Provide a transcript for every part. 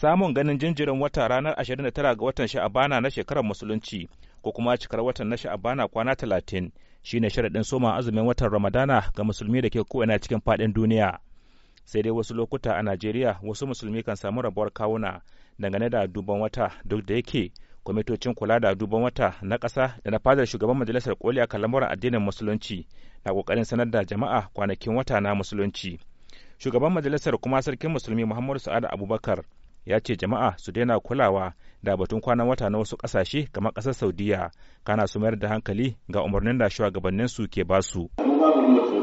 samun ganin jinjirin wata ranar 29 ga watan sha'abana na shekarar musulunci ko kuma cikar watan na sha'abana kwana 30 ne sharaɗin soma azumin watan ramadana ga musulmi da ke ko'ina cikin faɗin duniya sai dai wasu lokuta a najeriya wasu musulmi kan samu rabuwar kawuna dangane da duban wata duk da yake kwamitocin kula da duban wata na ƙasa da na fadar shugaban majalisar koli a lamuran addinin musulunci na ƙoƙarin sanar da jama'a kwanakin wata na musulunci shugaban majalisar kuma sarkin musulmi muhammadu sa'ad abubakar ya ce jama'a su daina kulawa da batun kwanan wata na wasu kasashe kamar ƙasar saudiya kana su mayar da hankali ga umarnin da shugabannin su ke ba su mu da mu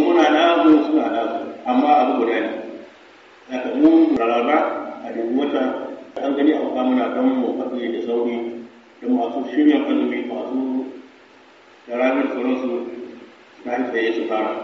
muna namu suna namu amma abu guda ne haka mu rarraba a duk wata an gani a muna don mu fadi da sauri da masu shirya azumi masu da ranar sauransu na tsaye su fara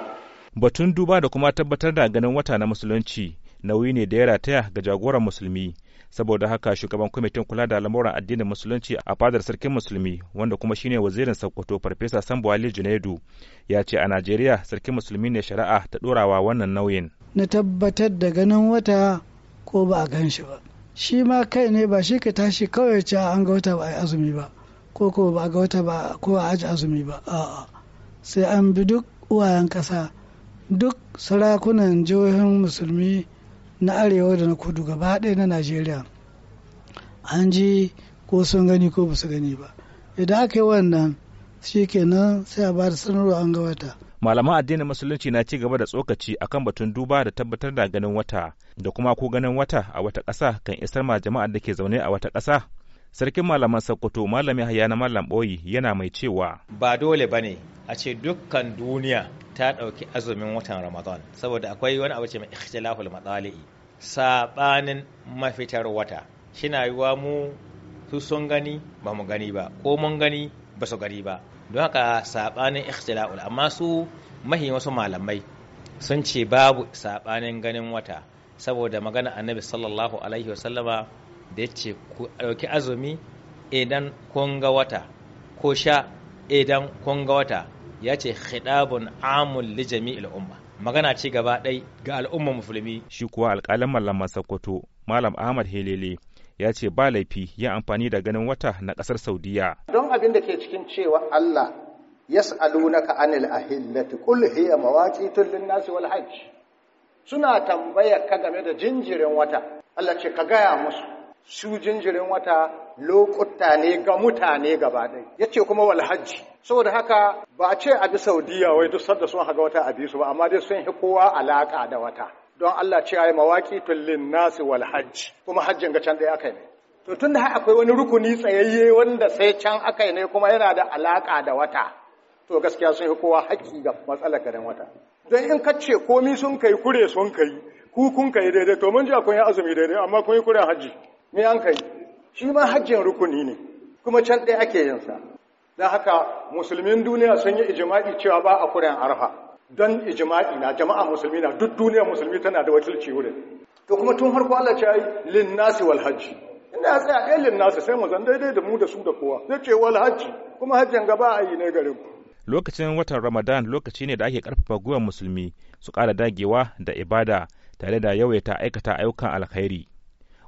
batun duba da kuma tabbatar da ganin wata na musulunci nauyi ne da ya rataya ga jagoran musulmi saboda haka shugaban kwamitin kula da lamuran addinin musulunci a fadar sarkin musulmi wanda kuma shine wazirin sokoto farfesa sambo ali junaidu ya ce a najeriya sarkin musulmi ne shari'a ta ɗorawa wannan nauyin na tabbatar da ganin wata ko ba a gan shi ba shi ma kai ne ba shi ka tashi kawai ce an ga wata ba a azumi ba ko ko ba a ga wata ba ko a aji azumi ba a'a sai an bi duk uwayen kasa duk sarakunan jihohin musulmi na arewa da na kudu gaba ɗaya na najeriya an ji ko sun gani ko ba su gani ba idan aka yi wannan kenan sai a ba da sanarwa an ga wata malaman addinin musulunci na ci gaba da tsokaci akan batun duba da tabbatar da ganin wata da kuma ko ganin wata a wata ƙasa kan isar ma jama'ar da ke zaune a wata ƙasa sarkin malaman sokoto malami haya na malam boyi yana mai cewa ba dole ba ne a ce dukkan duniya ta ɗauki azumin watan ramadan saboda akwai wani abu ce mai ikhtilaful matsali'i sabanin mafitar wata shina yiwa mu su sun gani ba mu gani ba ko mun gani ba su gani ba don haka sabanin ikhtilaful amma su mahi wasu malamai sun ce babu saɓanin ganin wata saboda magana annabi sallallahu alaihi wasallama da ya ce ku ɗauki azumi idan kun ga wata ko sha idan kun ga wata ya ce khidabun amul li jami'il umma magana ci gaba dai ga al'ummar musulmi shi kuwa alƙalin malaman sokoto malam ahmad helele ya ce ba laifi ya amfani da ganin wata na ƙasar saudiya don abin da ke cikin cewa allah yas'alunaka anil ahillati qul hiya mawaqitun lin wal hajj suna tambaya ka game da jinjirin wata Allah ce ka gaya musu su jinjirin wata lokuta ne ga mutane gaba ɗaya ya ce kuma wal hajji saboda haka ba ce a bi saudiya wai duk sadda sun haga wata a bi su ba amma dai sun yi kowa alaƙa da wata don Allah ce ayi mawaƙi tullin nasi wal hajji kuma hajjin ga can ɗaya aka ne to tunda akwai wani rukuni tsayayye wanda sai can aka ne kuma yana da alaƙa da wata to gaskiya sun yi kowa haƙƙi ga matsalar garin wata don in kace komi sun kai kure sun kai ku kun kai daidai to mun ji kun yi azumi daidai amma kun yi kuren hajji me an kai shi ma hajjin rukuni ne kuma can ɗaya ake yin sa don haka musulmin duniya sun yi ijima'i cewa ba a kuren arfa don ijima'i na jama'a musulmi na duk duniya musulmi tana da wakilci wurin to kuma tun harko Allah ce yi lin nasi wal hajji ina ya tsaya ɗaya lin nasi sai mu zan daidai da mu da su da kowa zai ce wal hajji kuma hajjin gaba a yi ne garin lokacin watan ramadan lokaci ne da ake karfafa gwiwar musulmi su ƙara dagewa da ibada tare da yawaita aikata ayyukan alkhairi